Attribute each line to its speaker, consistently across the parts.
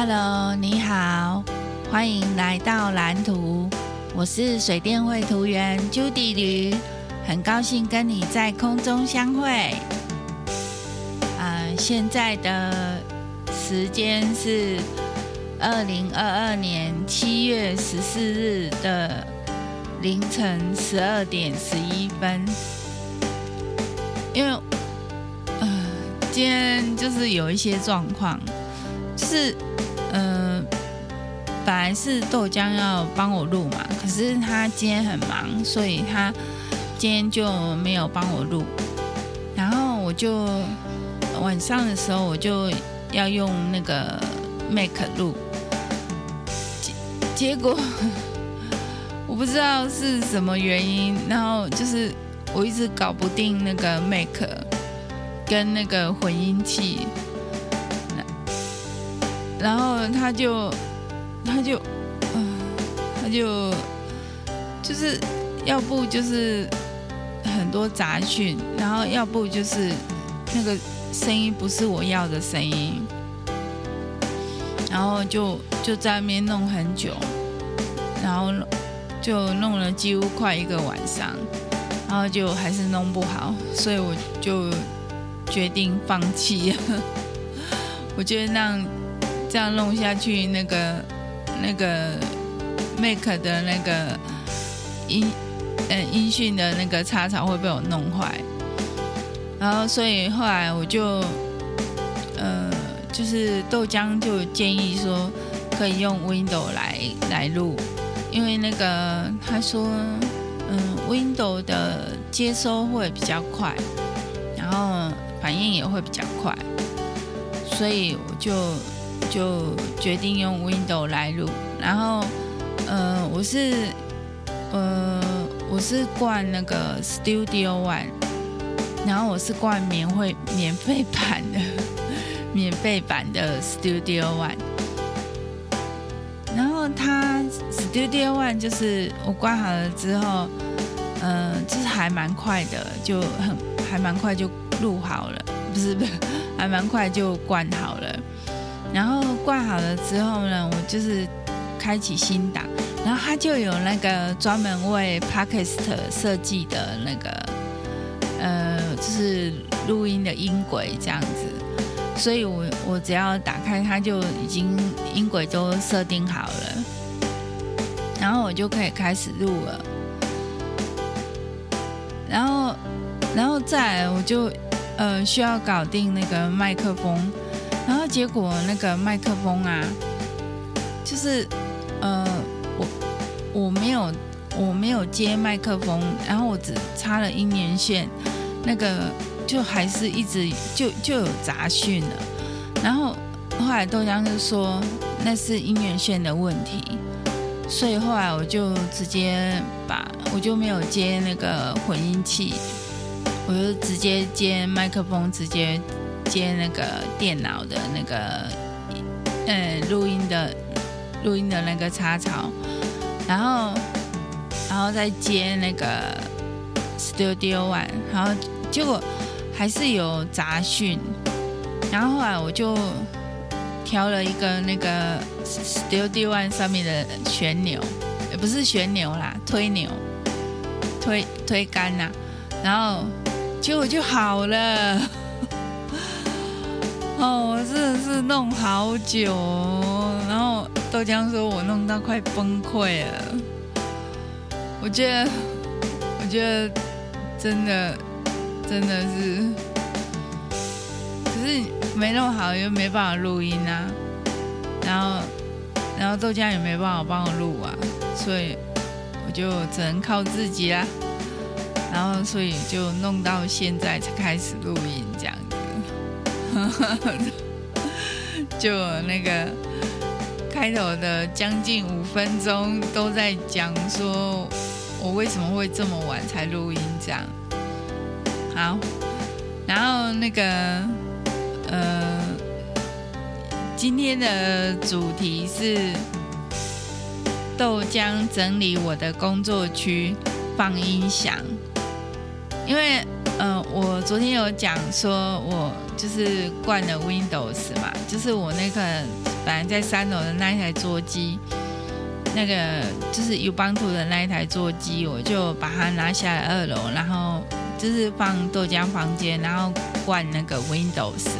Speaker 1: Hello，你好，歡迎來到藍圖。我是水電繪圖員 Judy 呂很高興跟你在空中相會。啊、呃，現在的時間是二零二二年七月十四日的凌晨十二點十一分。因為，呃，今天就是有一些狀況。就是，嗯、呃，本來是豆漿要幫我錄嘛，可是他今天很忙，所以他今天就沒有幫我錄。然後我就晚上的時候我就要用那個 m mac 錄，結結果我不知道是什麼原因，然後就是我一直搞不定那個 m mac 跟那個混音器。然後他就，他就，他就，就是要不就是很多雜訊，然後要不就是那個聲音不是我要的聲音，然後就就在那邊弄很久，然後就弄了幾乎快一個晚上，然後就還是弄不好，所以我就決定放棄，我覺得那樣。這樣弄下去，那個那個 Mac 的那個音呃音訊的那個插槽會被我弄壞。然後，所以後來我就呃，就是豆漿就建議說可以用 Windows 來來錄，因為那個他說嗯、呃、Windows 的接收會比較快，然後反應也會比較快，所以我就。就決定用 Window 來錄，然後，呃，我是，呃，我是灌那個 Studio One，然後我是灌免費免費版的，呵呵免費版的 Studio One，然後他 Studio One 就是我灌好了之後，嗯、呃，就是還蠻快的，就很還蠻快就錄好了，不是不是，還蠻快就灌好。然後掛好了之後呢，我就是開啟新檔，然後它就有那個專門為 Podcast 設計的那個，呃，就是錄音的音軌這樣子，所以我我只要打開它，就已經音軌都設定好了，然後我就可以開始錄了，然後，然後再來我就呃需要搞定那個麥克風。結果那個麥克風啊，就是，呃，我我沒有我沒有接麥克風，然後我只插了音源線，那個就還是一直就就有雜訊了。然後後來豆漿就說那是音源線的問題，所以後來我就直接把我就沒有接那個混音器，我就直接接麥克風直接。接那個電腦的那個，呃、嗯，錄音的錄音的那個插槽，然後，然後再接那個 Studio One，然後結果還是有雜訊，然後後來我就調了一個那個 Studio One 上面的旋鈕，也不是旋鈕啦，推鈕，推推桿吶，然後結果就好了。哦，我真的是弄好久哦，然後豆漿說我弄到快崩潰了。我覺得，我覺得真的真的是，可是沒弄好又沒辦法錄音啊。然後，然後豆漿也沒辦法幫我錄啊，所以我就只能靠自己啦，啊。然後，所以就弄到現在才開始錄音這樣。 就那個開頭的將近五分鐘都在講說，我為什麼會這麼晚才錄音這樣。好，然後那個，呃，今天的主題是豆漿整理我的工作區，放音響，因為。嗯、呃，我昨天有講說，我就是灌了 Windows 嘛，就是我那個本來在三樓的那一台桌機，那個就是有幫 u 的那一台桌機，我就把它拿下來二樓，然後就是放豆漿房間，然後灌那個 Windows，Windows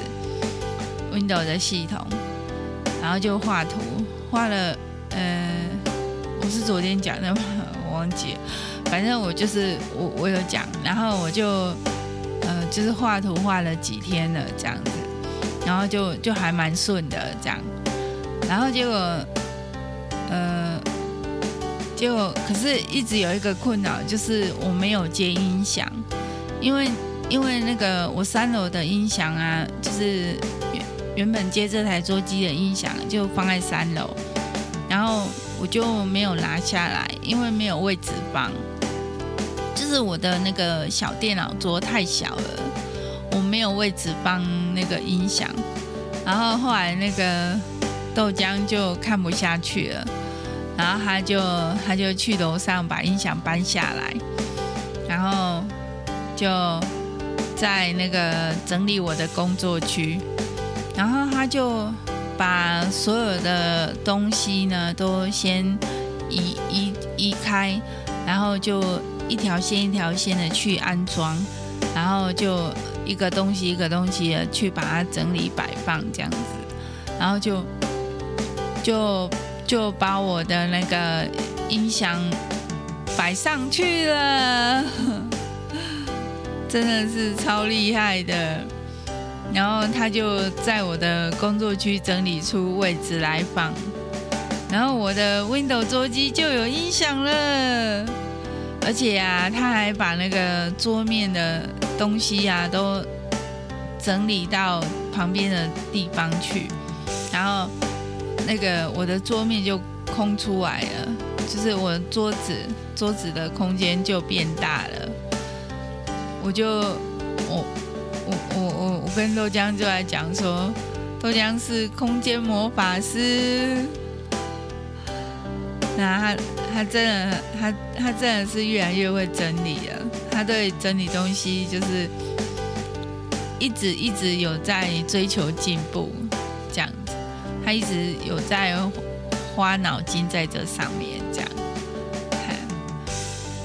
Speaker 1: 的系統，然後就畫圖，畫了呃，我是昨天講的嗎？我忘記了。反正我就是我，我有講，然後我就，呃，就是畫圖畫了幾天了這樣子，然後就就還蠻順的這樣，然後結果，呃，結果可是一直有一個困擾，就是我沒有接音響，因為因為那個我三樓的音響啊，就是原原本接這台桌機的音響就放在三樓，然後我就沒有拿下來，因為沒有位置放。就是我的那個小電腦桌太小了，我沒有位置放那個音響。然後後來那個豆漿就看不下去了，然後他就他就去樓上把音響搬下來，然後就在那個整理我的工作區，然後他就把所有的東西呢都先移移移開，然後就。一條線一條線的去安裝，然後就一個東西一個東西的去把它整理擺放這樣子，然後就就就把我的那個音響擺上去了， 真的是超厲害的。然後他就在我的工作區整理出位置來放，然後我的 Windows 桌機就有音響了。而且啊，他還把那個桌面的東西啊都整理到旁邊的地方去，然後那個我的桌面就空出來了，就是我的桌子桌子的空間就變大了。我就我我我我我跟豆漿就在講說，豆漿是空間魔法師。那他他真的他他真的是越來越會整理了。他對整理東西就是一直一直有在追求進步這樣子，他一直有在花腦筋在這上面這樣。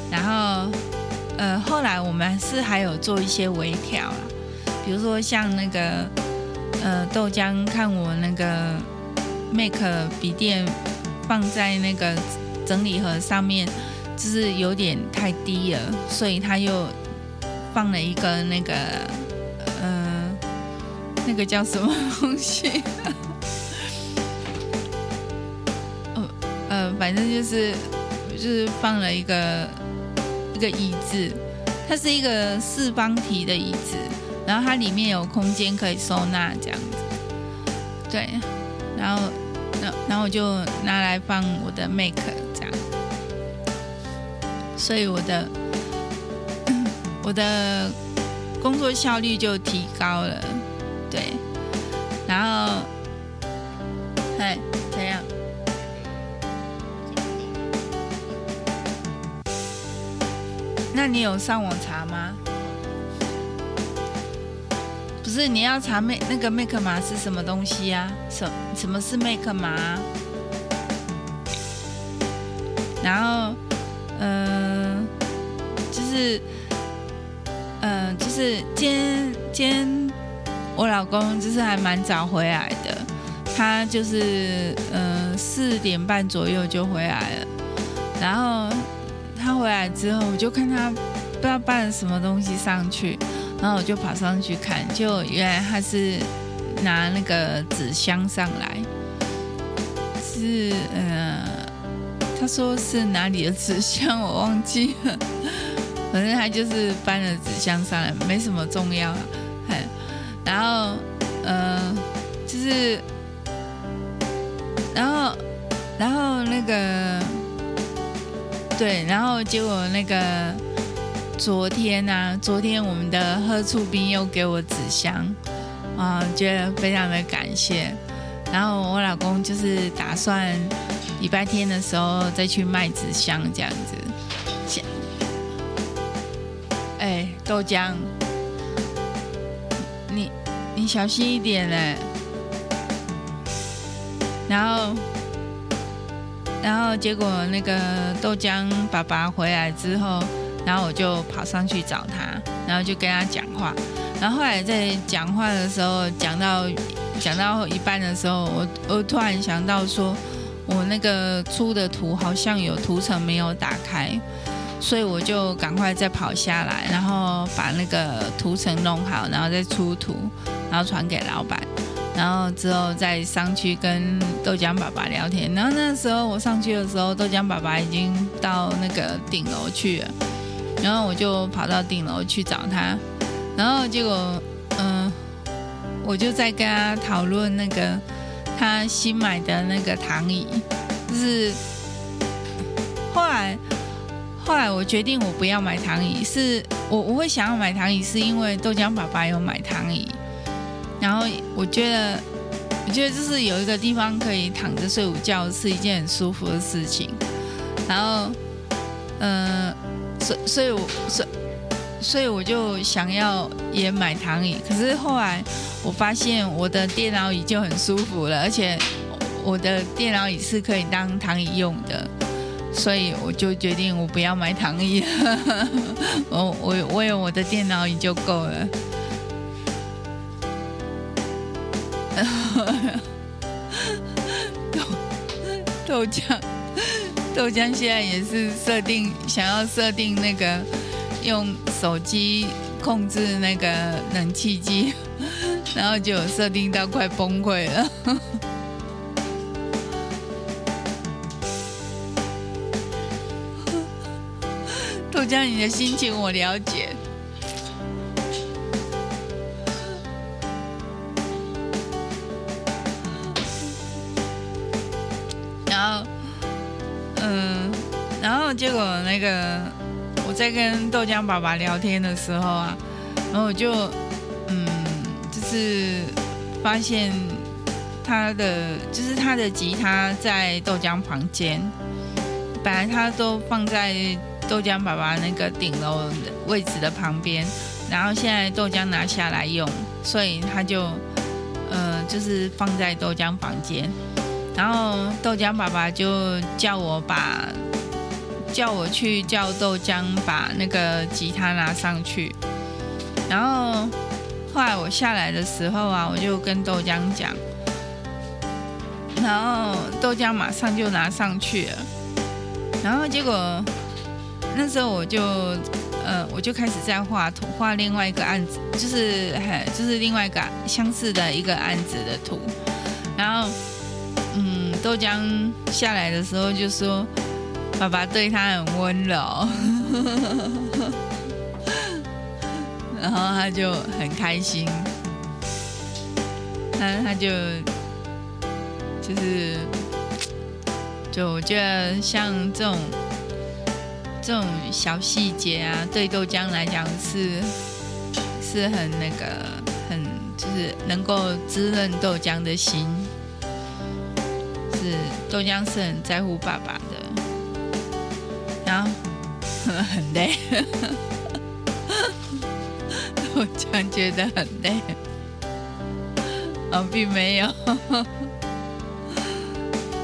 Speaker 1: 然後呃，後來我們是還有做一些微調啊，比如說像那個呃豆漿，看我那個 Mac 筆電。放在那個整理盒上面，就是有點太低了，所以他又放了一個那個，嗯、呃，那個叫什麼東西？ 呃，呃，反正就是就是放了一個一個椅子，它是一個四方體的椅子，然後它裡面有空間可以收納這樣子，對，然後。那然後我就拿來放我的 Mac 這樣，所以我的我的工作效率就提高了，對。然後，嗨，怎樣？那你有上網查嗎？可是你要查 Make 那個 Make 碼是什麼東西啊？什麼什麼是 Make 碼？然後，嗯、呃，就是，嗯、呃，就是今天今天我老公就是還蠻早回來的，他就是嗯四、呃、點半左右就回來了。然後他回來之後，我就看他不知道搬了什麼東西上去。然後我就跑上去看，就原來他是拿那個紙箱上來，是呃，他說是哪裡的紙箱我忘記了，反正他就是搬了紙箱上來，沒什麼重要啊。然後呃，就是，然後然後那個，對，然後結果那個。昨天啊，昨天我們的賀處兵又給我紙箱，啊，覺得非常的感謝。然後我老公就是打算禮拜天的時候再去賣紙箱這樣子。哎、欸，豆漿，你你小心一點嘞。然後，然後結果那個豆漿爸爸回來之後。然後我就跑上去找他，然後就跟他講話。然後後來在講話的時候，講到講到一半的時候，我我突然想到說，我那個出的圖好像有圖層沒有打開，所以我就趕快再跑下來，然後把那個圖層弄好，然後再出圖，然後傳給老闆。然後之後再上去跟豆漿爸爸聊天。然後那時候我上去的時候，豆漿爸爸已經到那個頂樓去了。然後我就跑到頂樓去找他，然後結果，嗯、呃，我就在跟他討論那個他新買的那個躺椅，就是後來後來我決定我不要買躺椅，是我我會想要買躺椅，是因為豆漿爸爸有買躺椅，然後我覺得我覺得就是有一個地方可以躺着睡午覺是一件很舒服的事情，然後，嗯、呃。所以，我所以，所以我就想要也買躺椅。可是後來，我發現我的電腦椅就很舒服了，而且我的電腦椅是可以當躺椅用的，所以我就決定我不要買躺椅了。我我我有我的電腦椅就夠了。豆豆漿。豆漿現在也是設定，想要設定那個用手機控制那個冷氣機，然後就設定到快崩潰了。 豆漿，你的心情我了解。結果那個我在跟豆漿爸爸聊天的時候啊，然後我就嗯，就是發現他的就是他的吉他在豆漿房間，本來他都放在豆漿爸爸那個頂樓位置的旁邊，然後現在豆漿拿下來用，所以他就呃就是放在豆漿房間，然後豆漿爸爸就叫我把。叫我去叫豆漿，把那個吉他拿上去。然後後來我下來的時候啊，我就跟豆漿講，然後豆漿馬上就拿上去了。然後結果那時候我就呃，我就開始在畫圖，畫另外一個案子，就是還就是另外一個相似的一個案子的圖。然後嗯，豆漿下來的時候就說。爸爸對他很溫柔，然後他就很開心，他他就就是，就我覺得像這種這種小細節啊，對豆漿來講是是很那個，很就是能夠滋潤豆漿的心，是豆漿是很在乎爸爸。很累，豆 漿覺得很累，啊、哦，並沒有， 好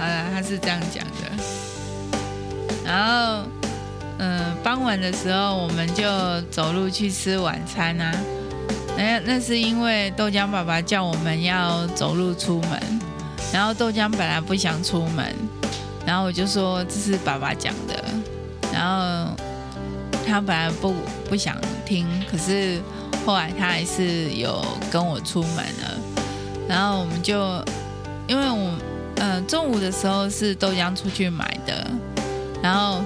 Speaker 1: 了，他是這樣講的。然後，嗯，傍晚的時候，我們就走路去吃晚餐啊。那，那是因為豆漿爸爸叫我們要走路出門，然後豆漿本來不想出門，然後我就說這是爸爸講的，然後。他本來不不想聽，可是後來他還是有跟我出門了。然後我們就，因為我，嗯、呃，中午的時候是豆漿出去買的，然後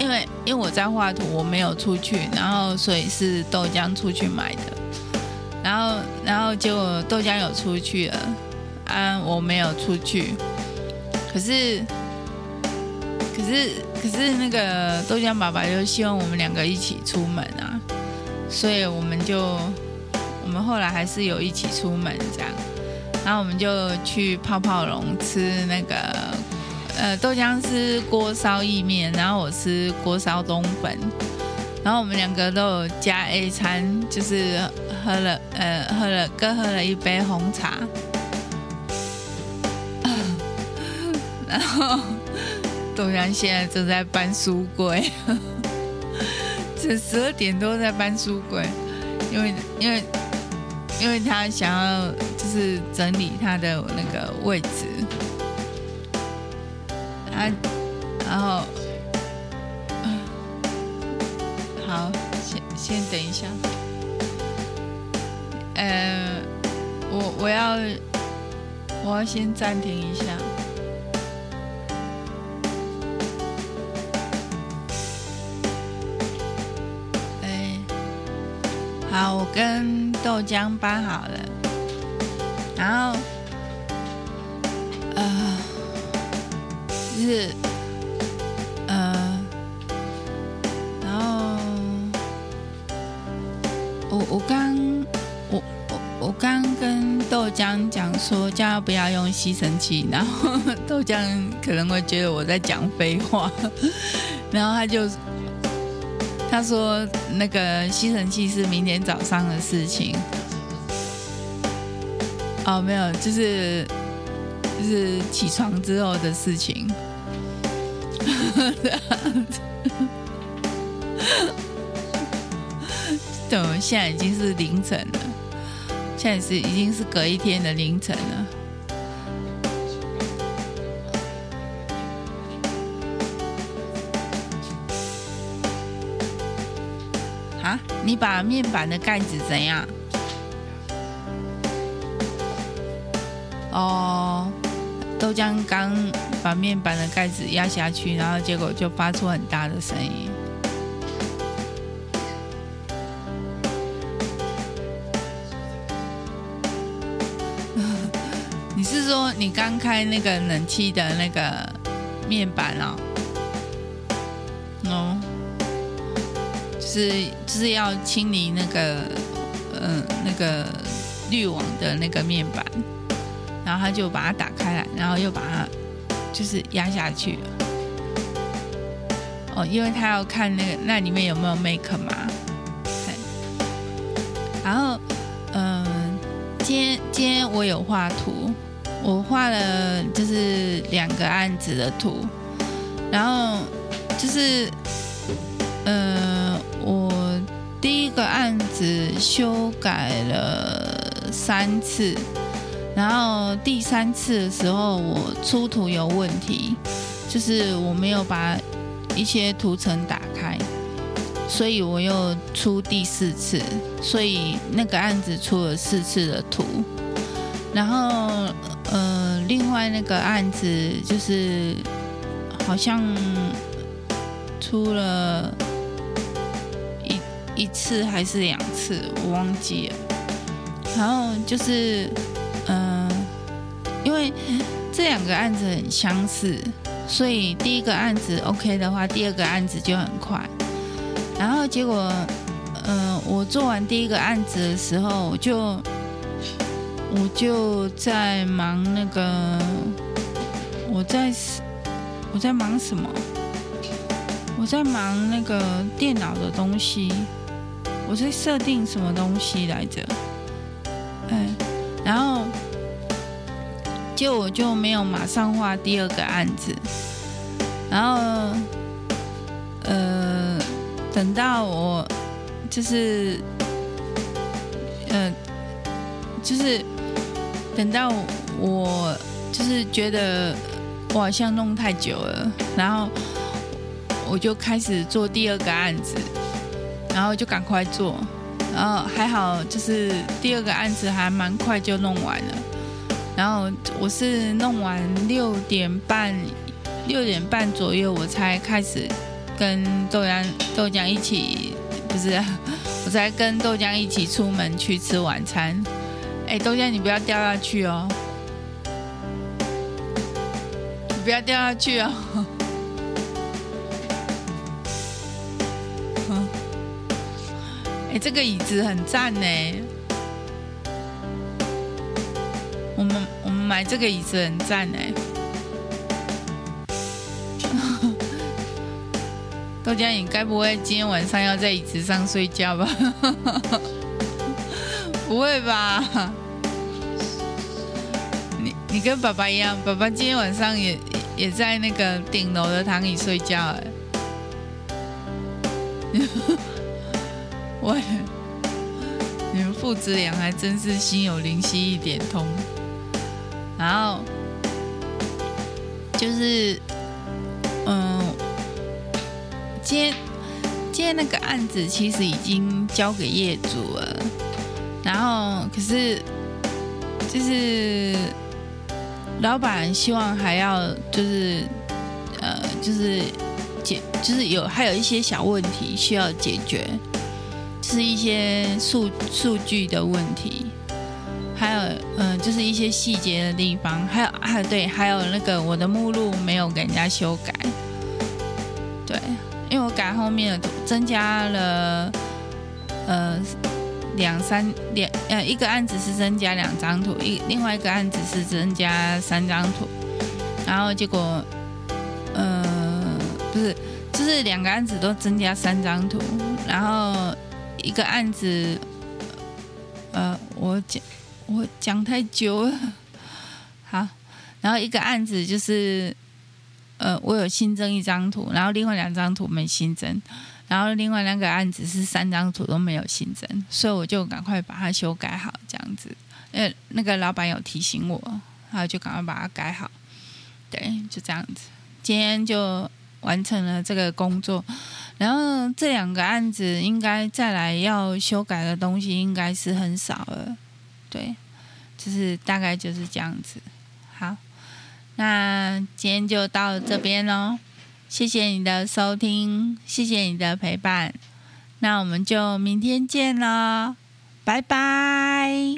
Speaker 1: 因為因為我在畫圖，我沒有出去，然後所以是豆漿出去買的。然後然後結果豆漿有出去了，啊，我沒有出去，可是。可是，可是那個豆漿爸爸就希望我們兩個一起出門啊，所以我們就，我們後來還是有一起出門這樣，然後我們就去泡泡龍吃那個，呃，豆漿是鍋燒意麵，然後我吃鍋燒冬粉，然後我們兩個都有加 A 餐，就是喝了，呃，喝了各喝了一杯紅茶，啊，然後。豆漿現在正在搬書櫃，這十二點多在搬書櫃，因為因為因為他想要就是整理他的那個位置，他、啊、然後好先先等一下，呃，我我要我要先暫停一下。好，我跟豆漿搬好了，然後，呃，就是，呃，然後我我剛我我我剛跟豆漿講說，叫他不要用吸塵器，然後豆漿可能會覺得我在講廢話，然後他就。他說：“那個吸塵器是明天早上的事情。”哦，沒有，就是就是起床之後的事情。 對啊，怎麼現在已經是凌晨了？現在是已經是隔一天的凌晨了。啊！你把面板的蓋子怎樣？哦，豆漿剛把面板的蓋子壓下去，然後結果就發出很大的聲音。 你是說你剛開那個冷氣的那個面板哦？是就是要清理那個，呃，那個濾網的那個面板，然後他就把它打開來，然後又把它就是壓下去。哦，因為他要看那個那裡面有沒有 make 嘛。對。然後，嗯、呃，今天今天我有畫圖，我畫了就是兩個案子的圖，然後就是，嗯、呃。這個案子修改了三次，然後第三次的時候我出圖有問題，就是我沒有把一些圖層打開，所以我又出第四次，所以那個案子出了四次的圖，然後呃，另外那個案子就是好像出了。一次還是兩次，我忘記了。然後就是，嗯、呃，因為這兩個案子很相似，所以第一個案子 OK 的話，第二個案子就很快。然後結果，嗯、呃，我做完第一個案子的時候，我就我就在忙那個，我在我在忙什麼？我在忙那個電腦的東西。我是設定什麼東西來着？嗯、欸，然後就我就沒有馬上畫第二個案子，然後呃，等到我就是呃，就是等到我就是覺得我好像弄太久了，然後我就開始做第二個案子。然後就趕快做，然後還好，就是第二個案子還蠻快就弄完了。然後我是弄完六點半，六點半左右我才開始跟豆漿豆漿一起，不是，我才跟豆漿一起出門去吃晚餐。哎、欸，豆漿你不要掉下去哦！你不要掉下去哦！這個椅子很讚呢，我們我們買這個椅子很讚呢。豆漿，你該不會今天晚上要在椅子上睡覺吧？不會吧？你，你你跟爸爸一樣，爸爸今天晚上也也在那個頂樓的躺椅睡覺哎。喂，你們父子倆還真是心有靈犀一點通。然後就是，嗯，今天今天那個案子其實已經交給業主了，然後可是就是老板希望還要就是呃、嗯、就是解就是有還有一些小問題需要解決。是一些數數據的問題，還有嗯、呃，就是一些細節的地方，還有還有、啊、對，還有那個我的目錄沒有給人家修改，對，因為我改後面的圖增加了呃兩三兩呃一個案子是增加兩張圖，一另外一個案子是增加三張圖，然後結果嗯、呃、不是就是兩個案子都增加三張圖，然後。一個案子，呃，我講我講太久了，好，然後一個案子就是，呃，我有新增一張圖，然後另外兩張圖沒新增，然後另外兩個案子是三張圖都沒有新增，所以我就趕快把它修改好，這樣子，因為那個老闆有提醒我，然後就趕快把它改好，對，就這樣子，今天就完成了這個工作。然後這兩個案子應該再來要修改的東西應該是很少了，對，就是大概就是這樣子。好，那今天就到這邊嘍，謝謝你的收聽，謝謝你的陪伴，那我們就明天見嘍，拜拜。